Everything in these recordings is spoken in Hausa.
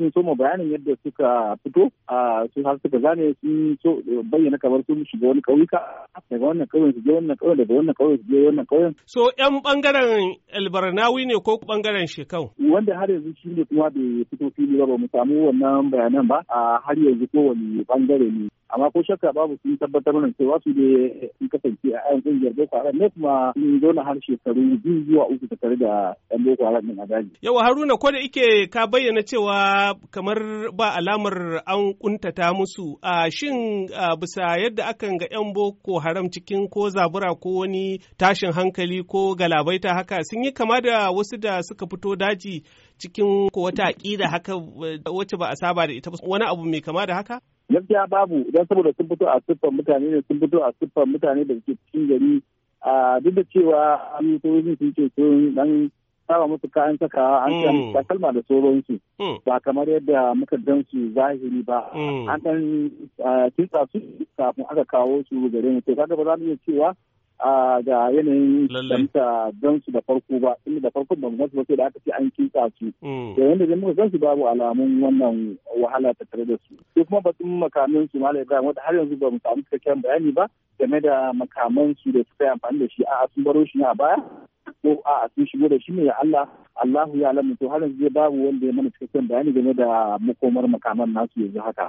sun so ma bayanin yadda suka fito a sun har suka zane sun so bayyana kamar sun shiga wani kauyuka daga wannan kauyen su je wannan kauyen daga wannan kauyen su je wannan kauyen. So yan bangaren albarnawi ne ko bangaren shekau? Wanda har yanzu shi ne kuma bai fito fili ba ba mu samu wannan bayanan ba a har yanzu ko wani bangare ne. amma ko shakka babu sun tabbatar mana cewa su ne sun kasance a yan kungiyar boko haram ne kuma sun na har shekaru biyu zuwa uku tare da yan boko haram din a daji. yawa haruna ko da ike ka bayyana cewa kamar ba alamar an kuntata musu a shin bisa yadda akan ga yan boko haram cikin ko zabura ko wani tashin hankali ko galabai ta haka sun yi kama da wasu da suka fito daji cikin ko wata aƙida haka wacce ba a saba da ita wani abu mai kama da haka? gaskiya babu idan saboda sun fito a siffar mutane ne sun fito a siffar mutane da suke cikin gari a duk da cewa an sojojin sun ce sun dan sawa musu kayan sakawa an ce musu mm. takalma da sauransu mm. ba kamar yadda muka dan su zahiri ba mm. an dan kitsa su kafin aka kawo su gare mu to kaga ba za mu iya cewa ga yanayin damta don su da farko ba inda da farko ba mu ba da aka ce an kinta su da mm. yanda zai muka su babu alamun wannan wahala ta tare da su sai kuma batun makamin su malai ibrahim wata har yanzu ba mu samu cikakken bayani ba game da makaman su da suka yi amfani da shi a sun baro shi ne a baya ko a sun shigo da shi ne ya Allah Allahu ya alamu to har yanzu babu wanda ya mana cikakken bayani game da makomar makaman nasu yanzu haka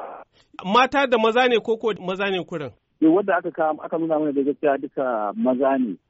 mata da maza ne ko ko maza ne kurin Eh, wanda aka aka nuna mana da gaskiya duka maza ne